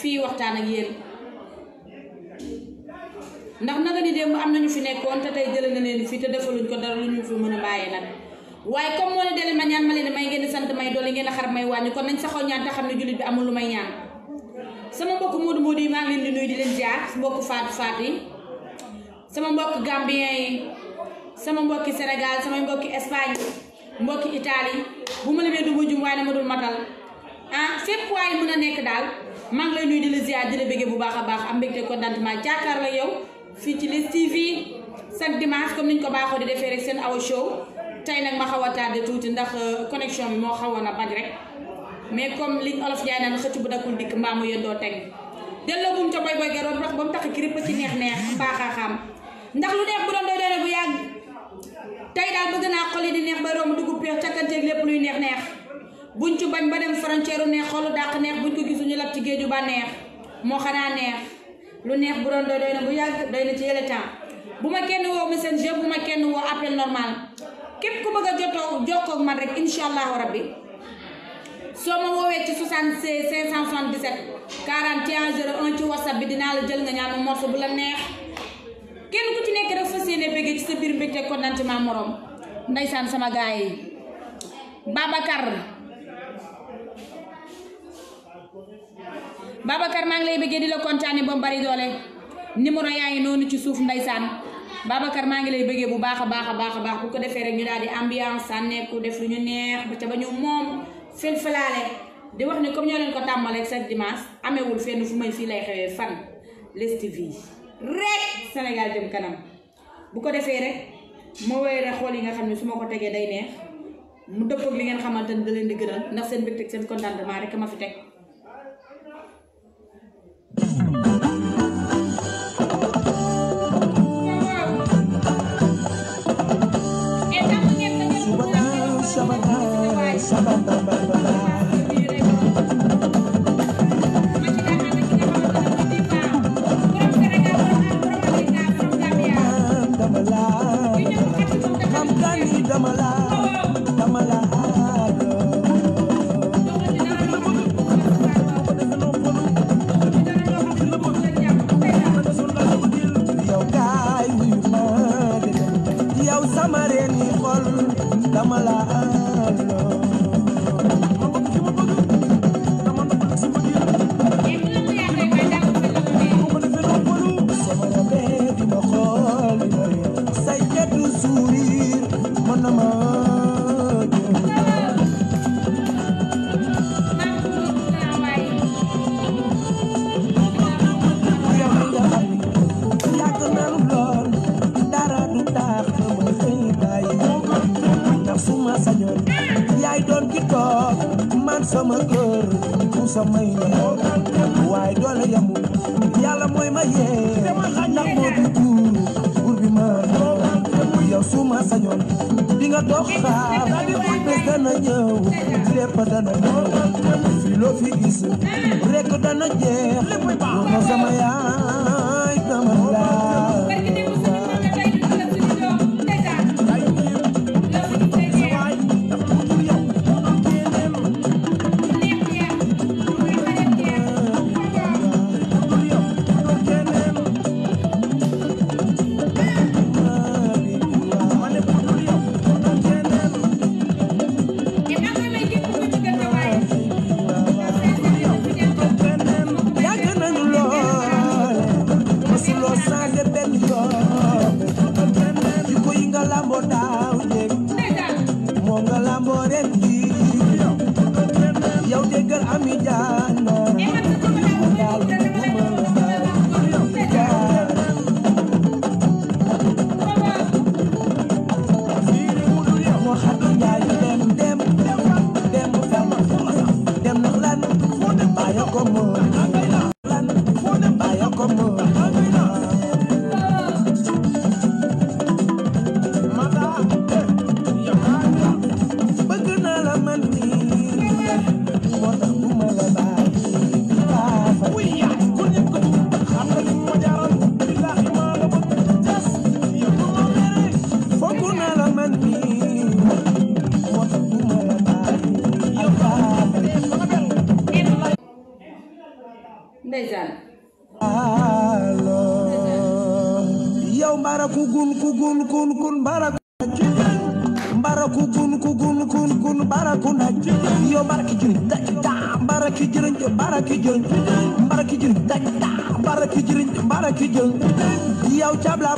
fii waxtaan ak yéen ndax naka ni démb am ñu fi nekkoon te tey jëlee na leen fii te defaluñ ko dara lu ñu fi mën a bàyyee nag waaye comme moo ne dele ma ñaan ma leen may génn sant may doole ngeen a xar may wàññi kon nañ saxoo ñaan te xam ne jullit bi amul lu may ñaan sama mbokk Modou Modou yi maa ngi leen di di leen jaar mbokk Fatou Fatou yi sama mbokk Gambien yi sama mbokki Sénégal samay mbokki Espagne mbokki Italie bu ma limee du ma jum waaye dama dul matal ah fépp mën a nekk daal man ngi di la ziar di la bëggee bu baax a baax am mbégte contentement jàkkaar la yow fii ci Leuz TV chaque dimanche comme ni niñ ko baaxoo di defee rek seen awa show tey nag ma xaw a tardé tuuti ndax euh, connexion bi moo xawoon a bañ rek mais comme liñ olof jaay naan xëcc bu dakul dikk mbaamu yendoo teg delloo buum ca boy boy geroon rox ba mu tax kirip ci neex neex mbaaxaaxaam ndax lu neex bu doon doy doone bu yàgg tey daal bëgg naa xol yi di neex ba romb dugub peex càkkanteeg lépp neex bu buñ ci bañ ba dem frontière neex xolu dàq neex buñ ko gisuñu lab ci géeju ba neex moo xanaa neex lu neex bu doon doy doy na bu yàgg doy na ci yële temps bu ma kenn woo messenger bu ma kenn woo appel normal képp ku bëgg a jotoo jokkoo ak man rek incha allahu rabbi soo ma woowee ci 76 577 41 01 ci whatsapp bi dinaa la jël nga ñaan ma morceau bu la neex kenn ku ci nekk rek fas yéene bëggee ci sa biir mbégte kontaan ci ma morom ndaysaan sama gaay yi Babacar maa ngi lay bëggee di la kontaane ba mu bari doole numéro yaa ngi noonu ci suuf ndeysaan Babacar maa ngi lay bëggee bu baax a baax baax a baax bu ko defee rek ñu daal di ambiance sànneeku def lu ñu neex ba ca ba ñu moom filfilaale di wax ni comme ñoo leen ko tàmbalee chaque dimanche amewul fenn fu may fii lay xewee fan Leuz TV rek Sénégal jëm kanam bu ko defee rek moo wéy rek xool yi nga xam ne su ma ko tegee day neex mu dëpp li ngeen xamante ne da leen di gënal ndax seen mbégte ak seen contentement ma fi Damala samay njaboot waaye doole yamu yàlla mooy ma yee ndax moo di buur bi ma doon yow su sañoon di nga dox xaar bés dana ñëw lépp dana ñëw fi loo fi gis rek dana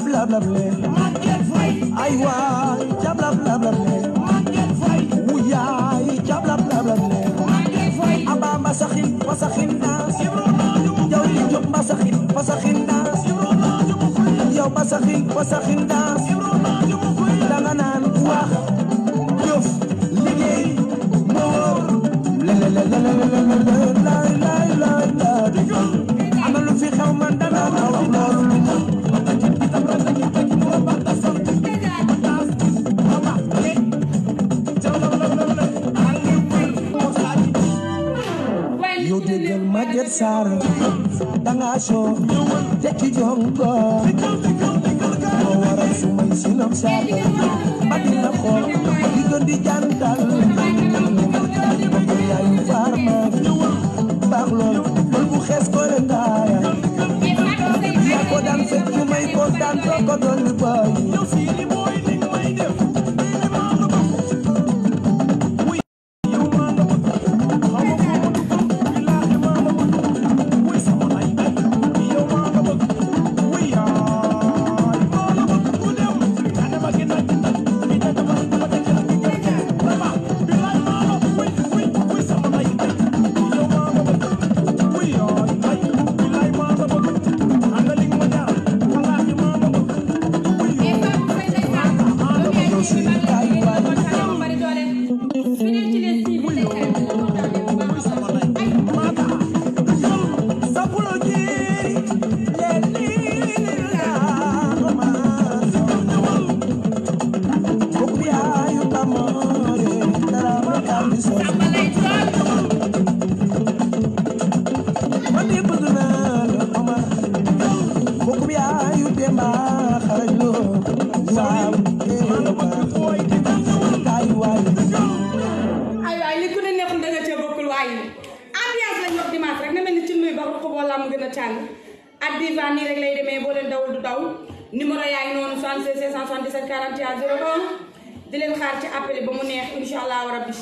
blablabla Maguette Faye ay waay ca blablabla Maguette Faye wu yaay ca blablabla Maguette Faye aba masaxin masaxin naa yow li jóg masaxin masaxin naa yow masaxin masaxin naa da nga naan wax jëf liggéey moo la la la la la la la Maguette Sarr danga soo tekki jongo moo waral sumay silom Sarr batti na ko di gën di jantal yaayu faar ma baax lool lool bu ko le ndaaya yaa ko daan fekk may kontaan too ko doon baay à 10 ans nii rek lay demee boo leen dawul du daw numéro yaa ngi noonu di leen xaar ci appel ba mu neex incha allahu rabbi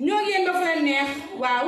ñoo ngi ba fa leen neex waaw.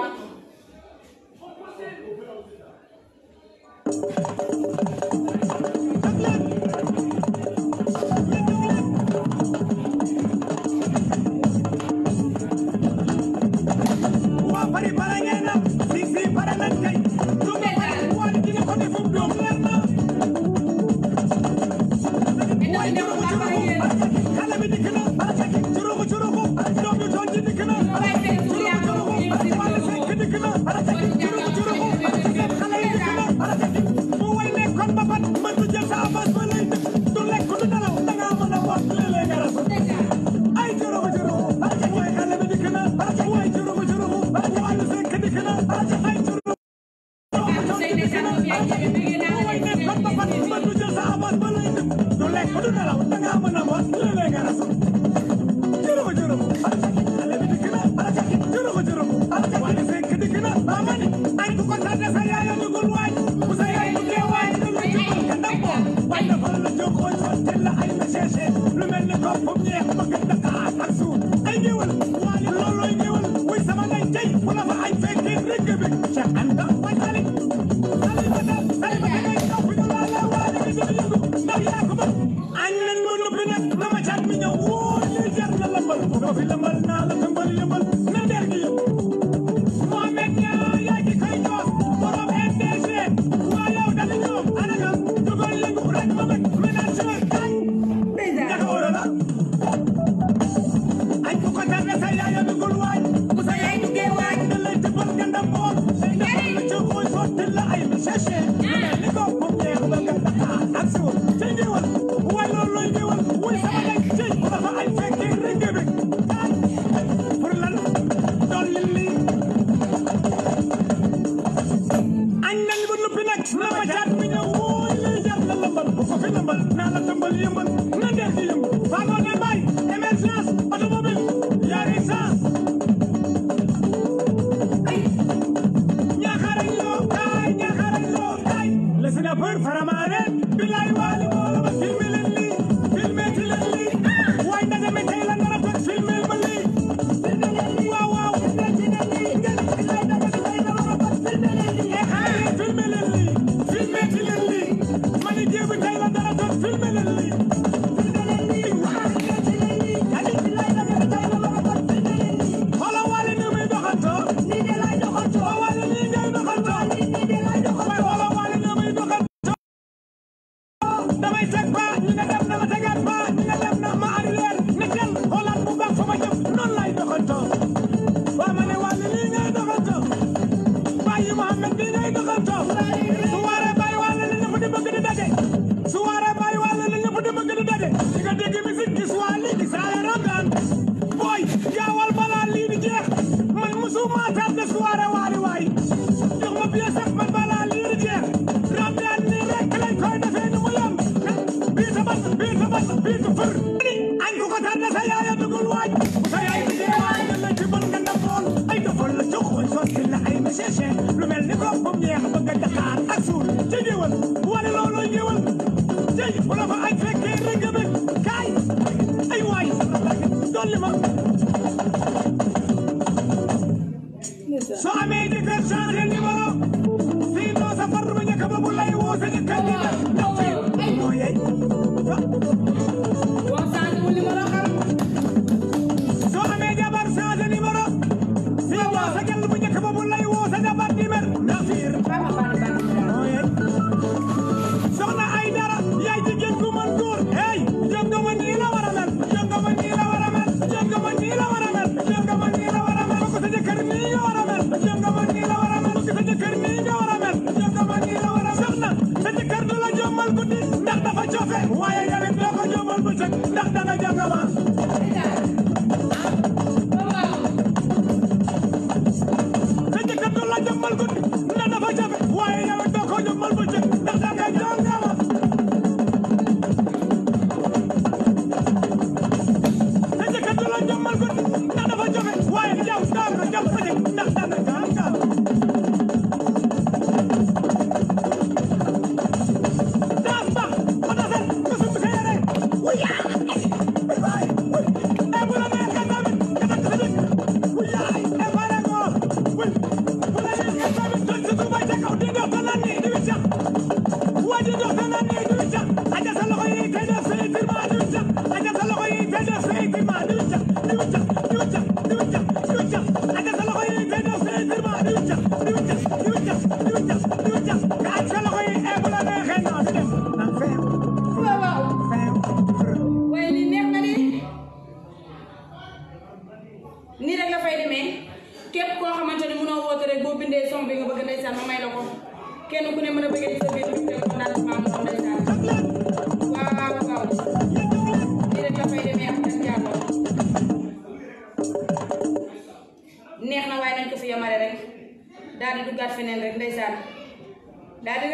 That is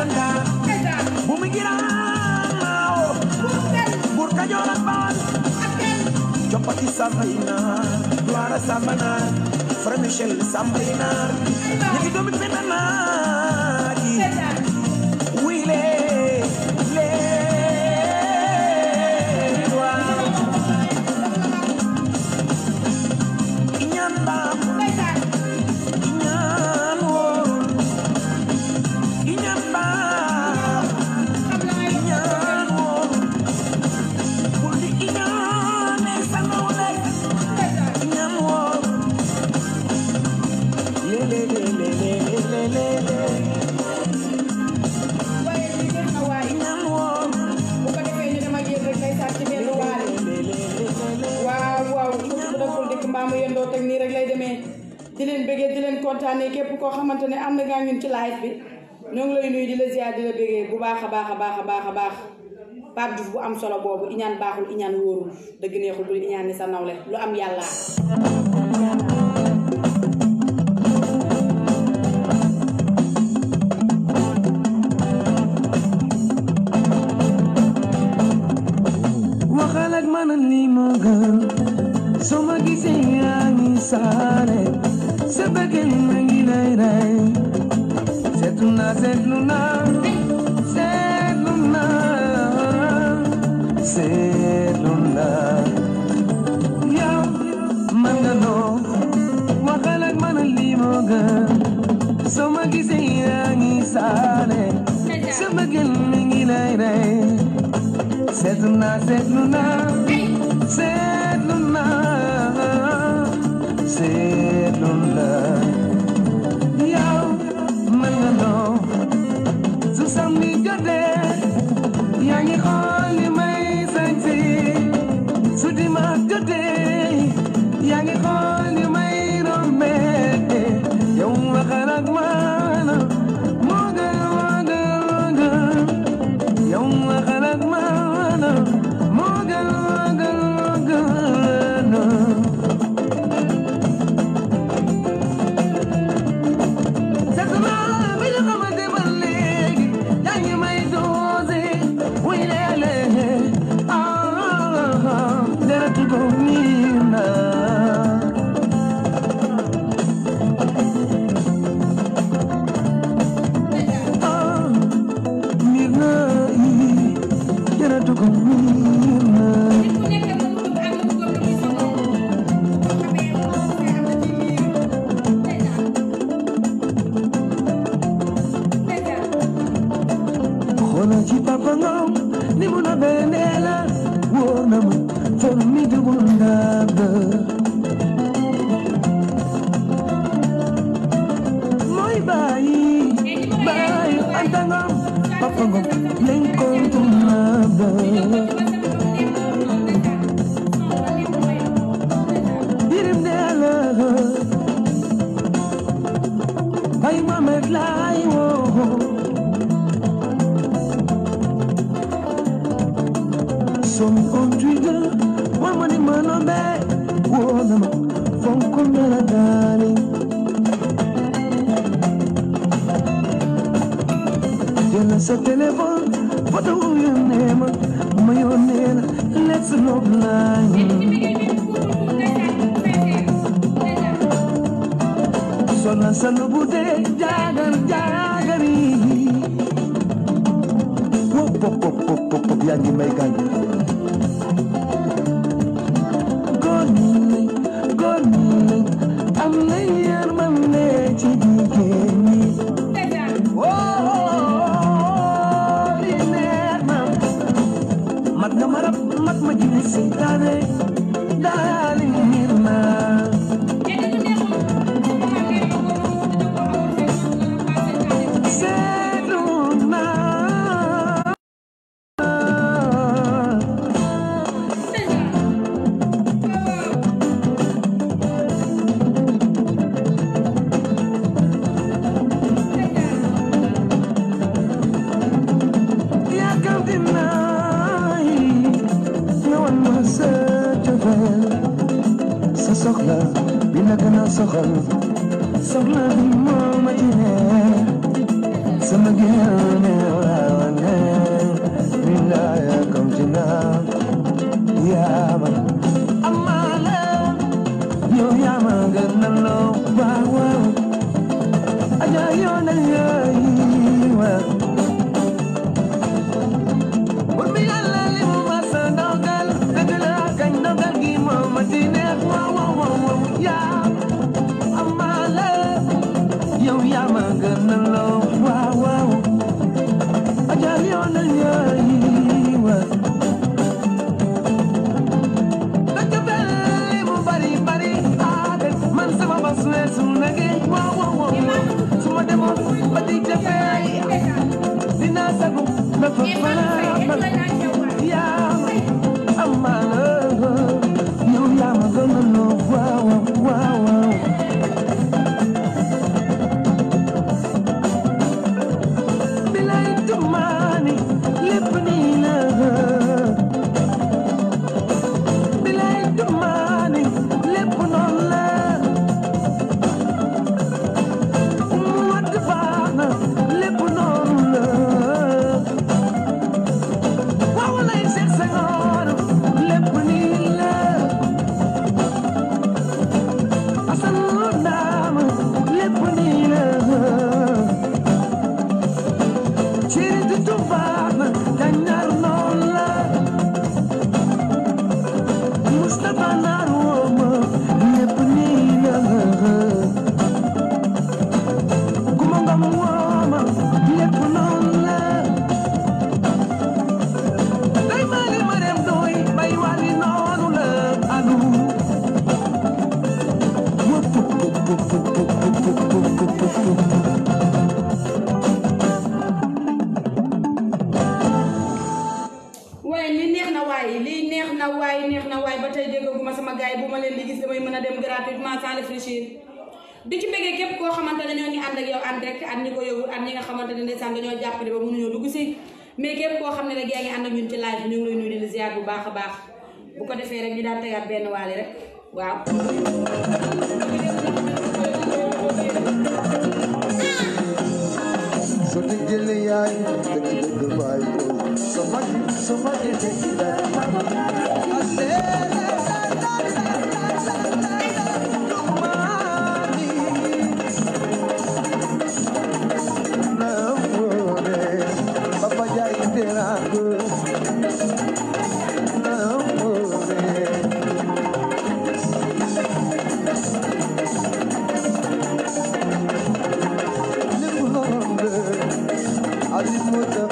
cantar. Bumigirao, Burka Yoramban, Chopati Samarina, Clara Samana, Michel waxtaanee képp koo xamante ne na ngaa ñun ci live bi ñoo ngi lay nuyu di la ziar di la bégee bu baax a baax a baax a baax a baax Pape Diouf bu am solo boobu iñaan baaxul iñaan wóorul dëgg neexul bul iñaan ni sa nawle lu am yàlla Luna, said Luna, said Luna, said Luna. Yo, day. pop pop pop pop pop yaa ngi may gaañ góor ñi góor ñi am na yërmande ci jigéen ñi woo li leer na mat nga ma rab mat ma jëli seytaane அற்புதமாக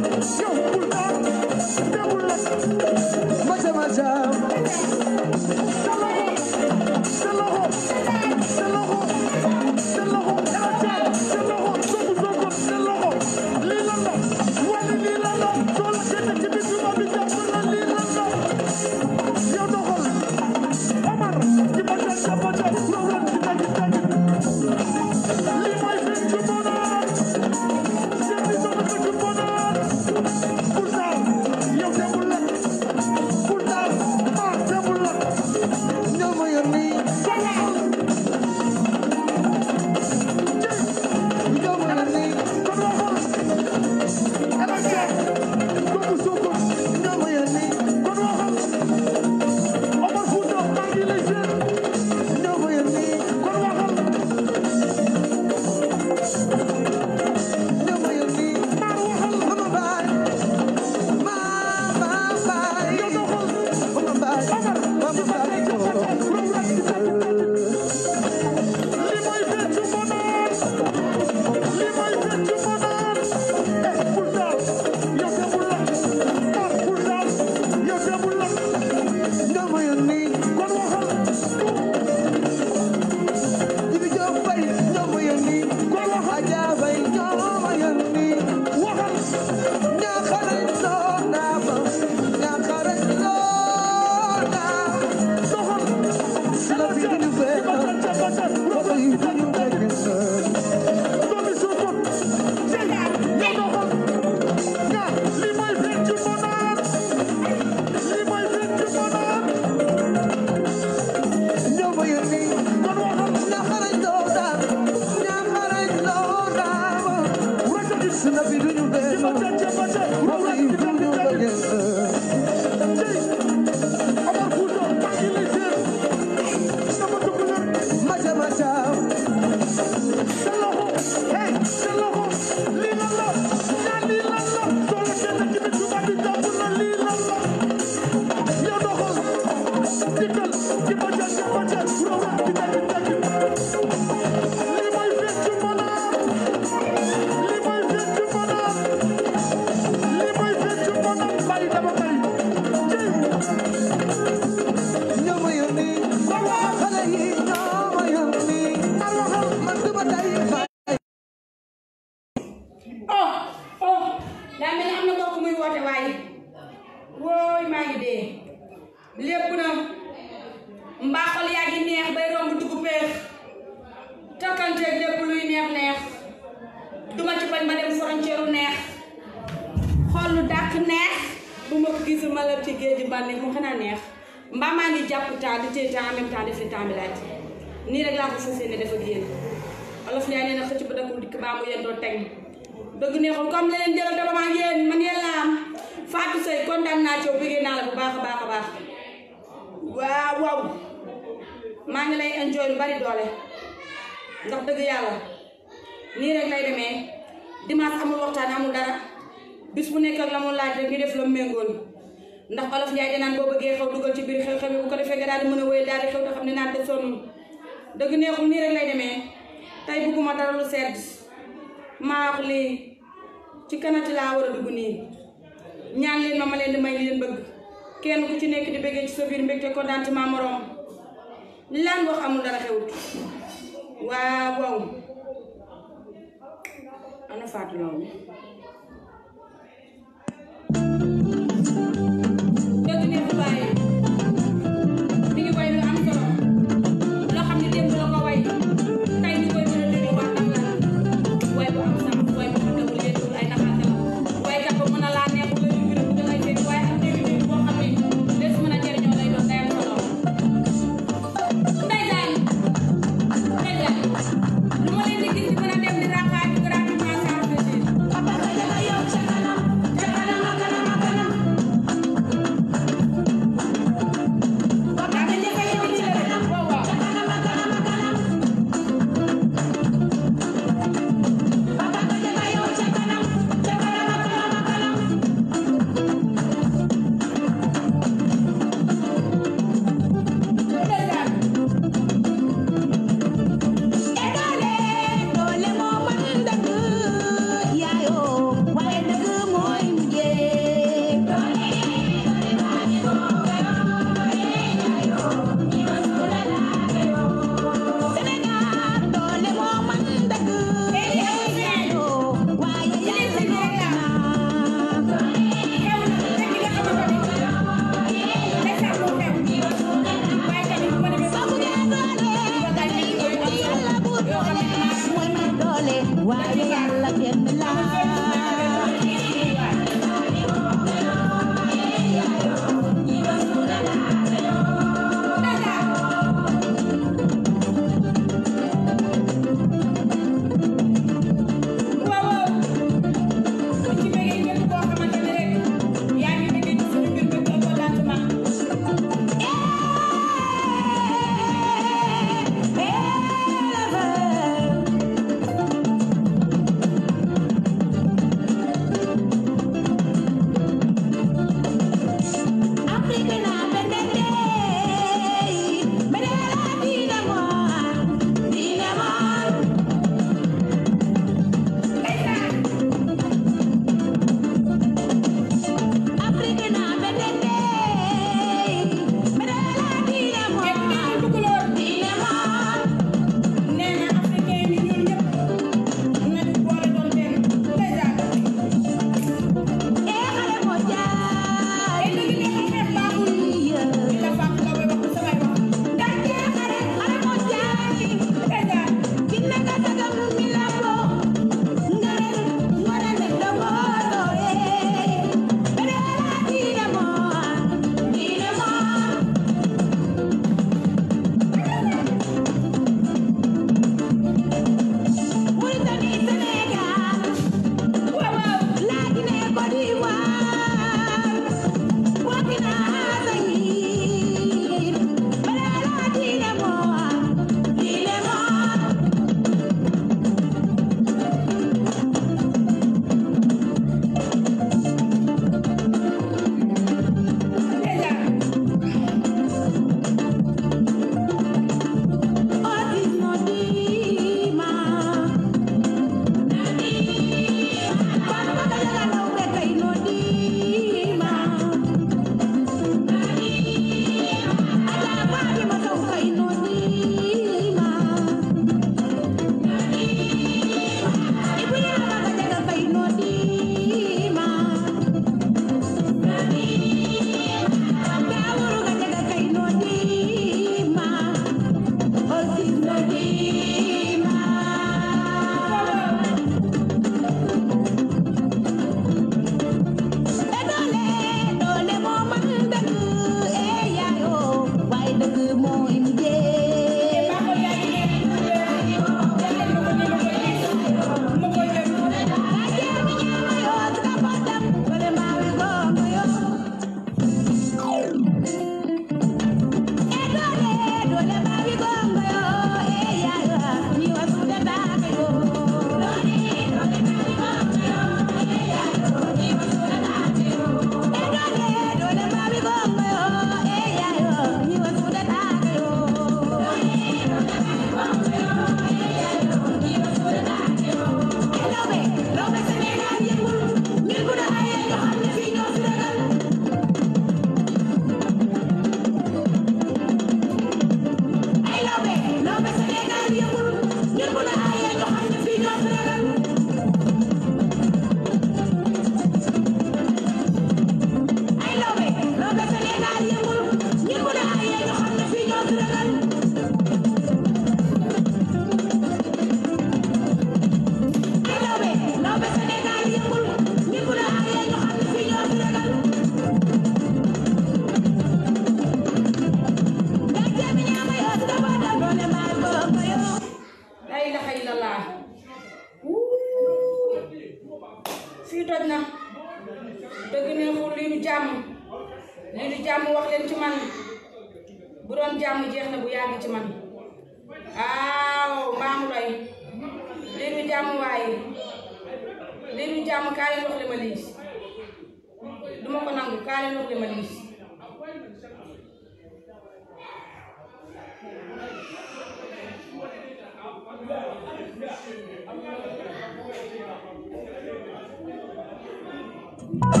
you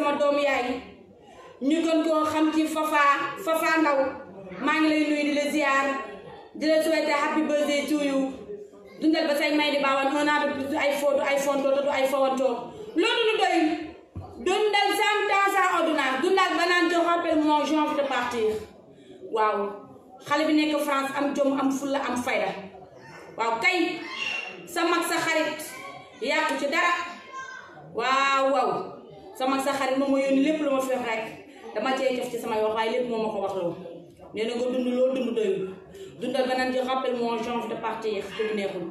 sama doomu yaay ñu gën koo xam ci Fafa Fafa Ndaw maa ngi lay nuyu di la ziar di la souhaiter happy birthday to you dundal ba say may di baawan un an de ay footu ay fontoo te du doy dundal sam temps sans dundal ba naan te rappelle mon genre de partir waaw xale bi nekk France am jom am fulla am fayda waaw kay sa mag sa xarit yàqu ci dara waaw waaw sama sa xarit mo moy yónni lepp luma ma fi wax rek dama cey jox ci sama wax way lepp momako wax lo neena go dund lo dund doyul dundal benen di rappel mon change de partir dëgg neexul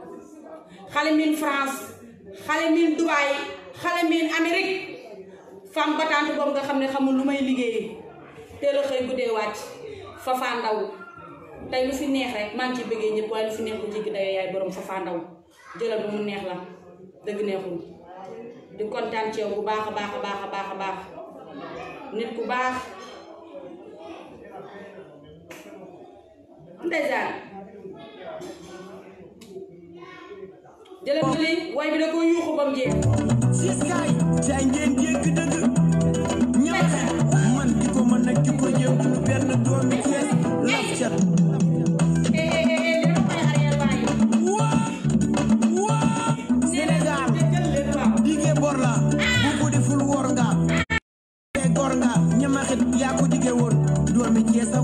xale min France xale min dubai xale min amerique fam batante bob nga xamne xamul lumay liggey te lo xey gude wacc fa fa ndaw tay lu fi neex rek man ci beugé way lu fi neex yaay borom fa ndaw bu mu neex la deug neexul di kontaan ci bu baax baax baax baax nit ku baax ndeysaan jële jëli way bi da ko yuuxu bam jeex siskaay saay ngeen jégg dëgg ñawaxe man di ko mën nag di ko benn doomi Cees laf cat nga ñamaxit yaa ko jige woon doomi Cees a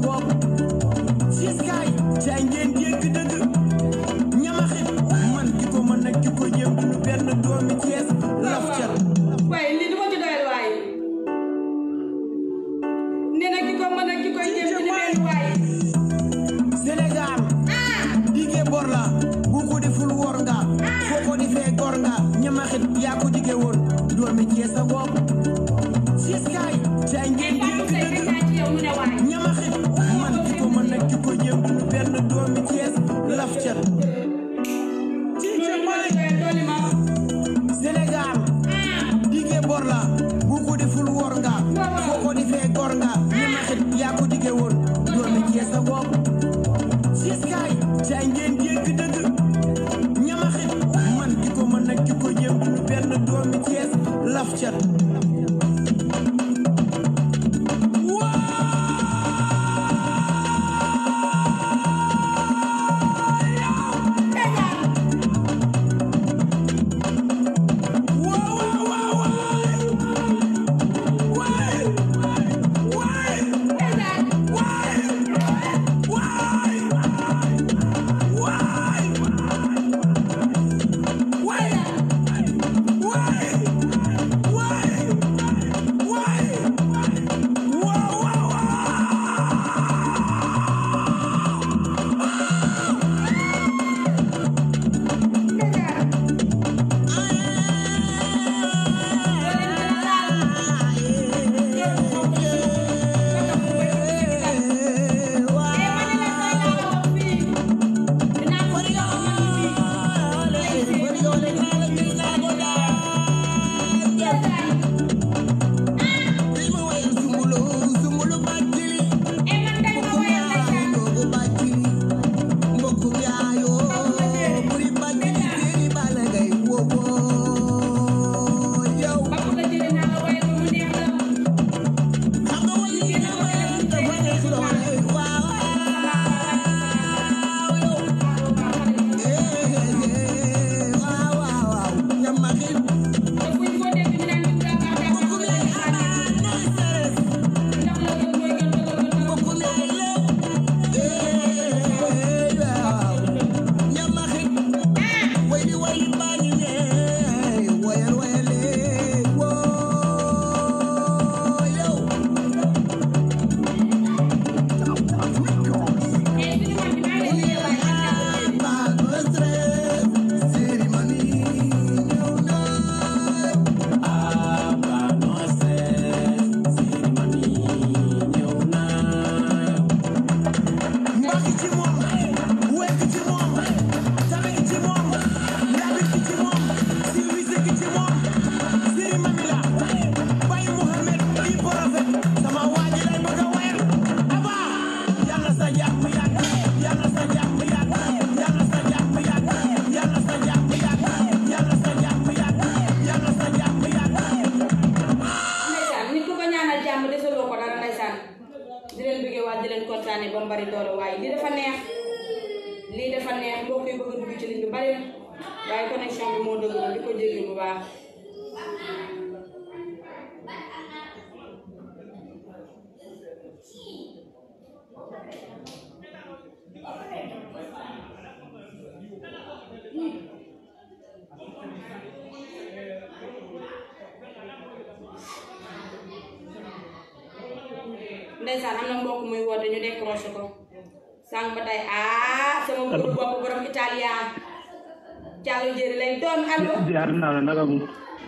nagamu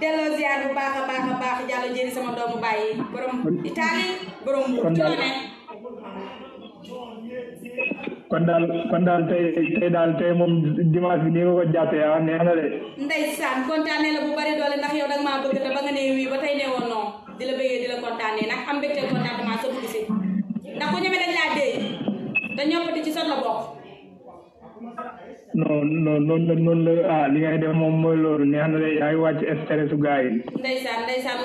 delloo ziar bu baax a baax sama doomu bàyyi borom Italie borom bu kondal, ne kon daal kon daal tey dimanche bi nii nga ko jàppee ya, ah neex na de ndeysaan kontaanee la bu bari doole ndax yow dag bëgg ba nga ba non di la di la am mbégte contentement sa dugg si ndax ku ñeme dañ laa dee da ci la bokk non noonu la noonu la ah li ngay def moom mooy loolu neex na de yaa ngi wàcc stress su yi. ndeysaan ndeysaan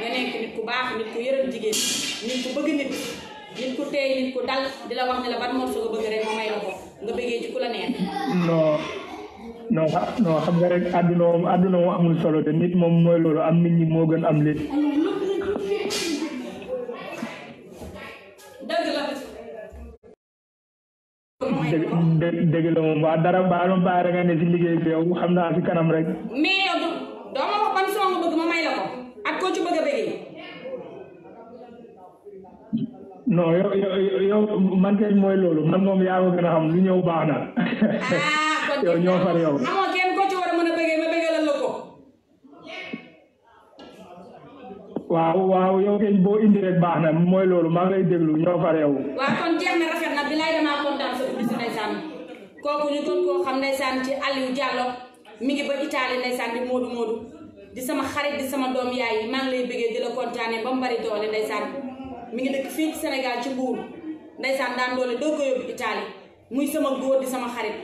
nga nekk nit ku baax nit ku yërëm jigéen nit ku bëgg nit. nit ku di la wax ne la ban bëgg rek ma may la nga bëggee ci neex. non non non xam nga rek àdduna moom àdduna solo te nit moom mooy loolu am nit ñi moo gën am lépp. dë dëgg la moom waa dara baal ma baal nga ne si liggéey bi yow xam naa si kanam rek. mais yow doo ma wax ban bëgg ma may la ak koo ci bëgg non yow yow yow man kay mooy loolu man moom yaa ko gën a xam lu ñëw baax na. Ah, yow ñoo far yow. amoo kenn ko ci war a mën a bëggee ba bëggalal la ko. waaw waaw yow kay boo indi rek baax na mooy loolu maa ngi lay déglu ñoo far yow. waaw kon jeex na rafet na bilaay damaa kontaan sa ubbi si ndeysaan kooku ñu gën koo xam ndeysaan ci Aliou Diallo mi ngi ba Italie ndeysaan di modu modu. di sama xarit di sama doom yaay maa ngi lay bëggee di la kontaanee ba mu bari doole mi ngi dëkk fii ci Sénégal ci Mbuur ndeysaan daan doole doo ko yóbbu Italie muy sama góor di sama xarit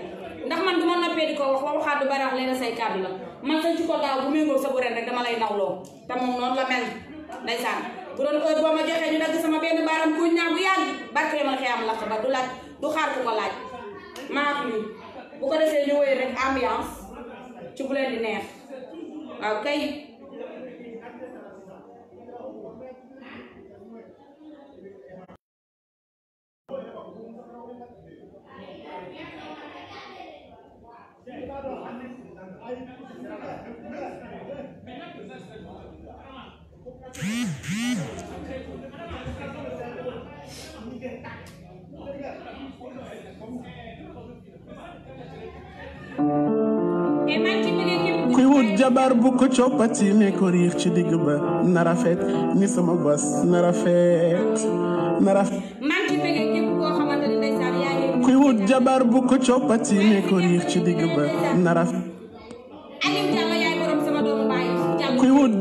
ndax man du ma noppee di ko wax ba waxaat du bari wax leen say kàddu la man sañ ci ko daaw bu méngoo sa bu ren dama lay nawloo te moom noonu la mel ndeysaan bu doon heure boo ma joxee ñu dagg sama benn baaram kuñ naa bu yàgg barke ma xëy am lakk ba du laaj du xaar ko laaj maa ngi bu ko defee ñu wéy rek ambiance ci bu leen neex waaw kay kuy wut jabar bu ko coppati mee ko ci digg ba na rafet ni sama bas na rafet na jabar bu ko ci digg ba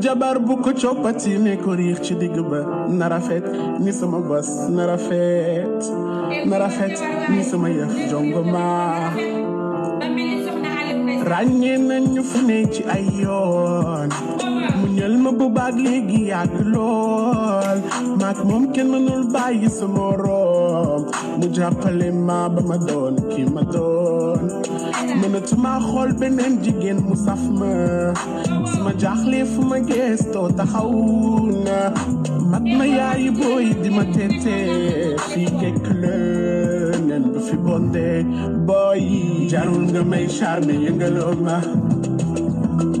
jabar bu ko coppati mee ci digg ba rafet ni sama bas na rafet na ni sama yëf jongo ma ràññee nañu fu ne ci ay yoon mu ñël ma boobaak léegi yàgg lool maak moom kenn mënul bàyyi sa moroom mu jàppale ma ba ma doon ki ma doon mënatuma xool beneen jigéen mu saf ma su ma fu ma gëstoo taxaw mat ma yaayi booy di ma tete fii kekk la leen du fi bonde boy jarul nga may charme yëngaloo ma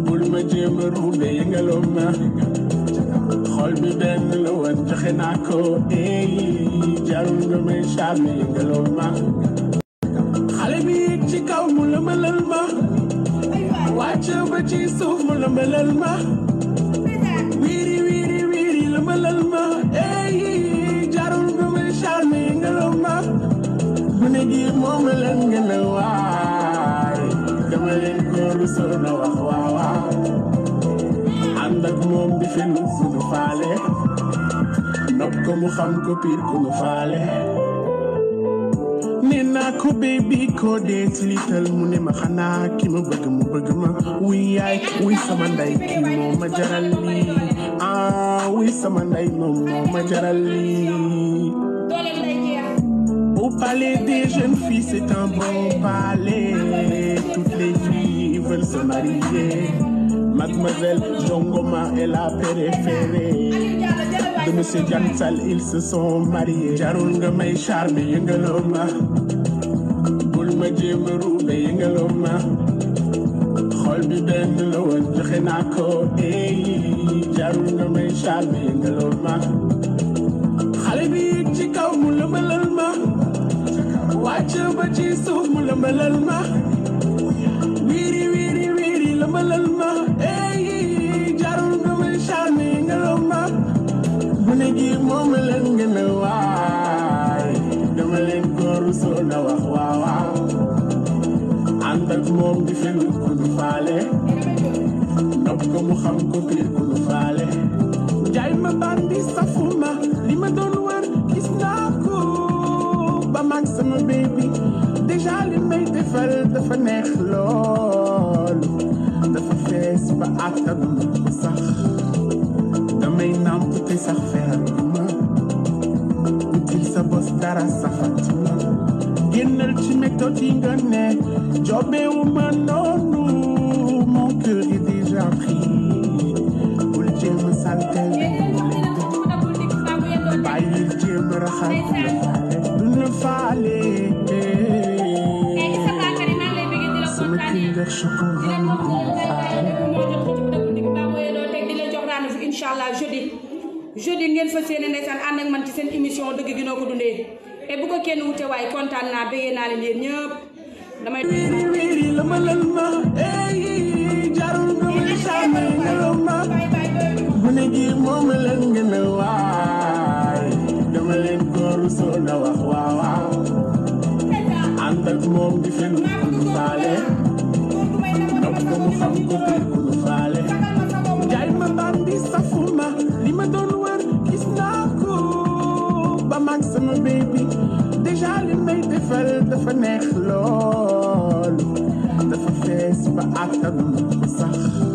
bul ma jéem a ruube yëngaloo ma xol bi benn la woon joxe naa ko ey jarul nga may charme yëngaloo ma xale bi yëg ci kaw mu la melal ma wàcce ba ci suuf mu la melal ma léegi moom la ngeen waay dama leen ko rusoo na wax waawaaw ànd ak moom di fen ku nu faale nopp ko mu xam ko piir ku nu faale nee naa ko bébi koo dee ci ah wuy sama ndey moom moo Palais des jeunes filles, c'est un bon palais. Toutes les filles veulent se marier. Mademoiselle Jongoma est la préférée. De Monsieur Gansal, ils se sont mariés. Jarunga may charme yengaloma. Boulma jemeru be yengaloma. Xol bi ben la won may charme yengaloma. Khalibi bi ci ca ba ci suuf mu lëmbalal ma wiiri wiiri wiiri lëmbalal ma eey jarul nga may charme nga loo bu ne gi moom leen gën a waay dama leen ko rusoo na wax waawaaw moom di fen ko du faale nopp ko mu xam ko kii Charlie meent de velden van echt lol. De verfeest beatten me bezag. De mijn naam tot is er verme. Utilsa bos dara safatuma. Ginnel chime tot ingane. Jobbe umanonu. Mon cœur est déjà pris. di leen ne la teg di leen jox rendez-vous incha allah jeudi jeudi ngeen fas yéene ndeysaan man ci seen émission dëgg gi noo ko dundee et bu ko kenn wute waaye kontaan naa bëggee naa leen ñëpp damay. moom di fen faale dafa neex lool dafa fees ba àttan sax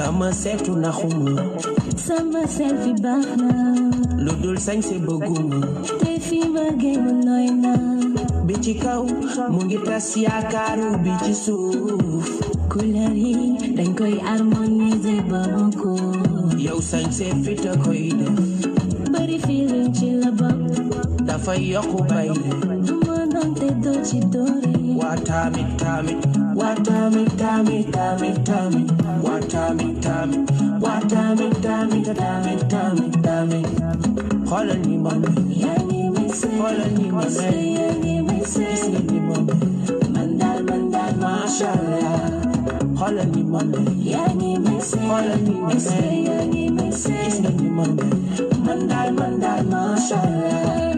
Sama sert na rumo. Sama sert fi bahna Lodol sañ se boguma Te fi bagay mo noyna Bi ci kaw mu ngi tas yaakaaru bi ci suuf Couleur yi dañ koy harmoniser ba mu ko Yow sañ se fita koy def Bari firin ci la bokk Dafay yokku Asante dochi dori. Watami tami, watami tami tami tami, watami tami, watami tami tami tami tami. Hola ni mami, yani mese, hola ni mase, yani mese, isni ni mami. Mandal mandal mashallah. Hola ni mami, yani mese, hola ni mase, yani mese, isni ni mami. Mandal mandal mashallah.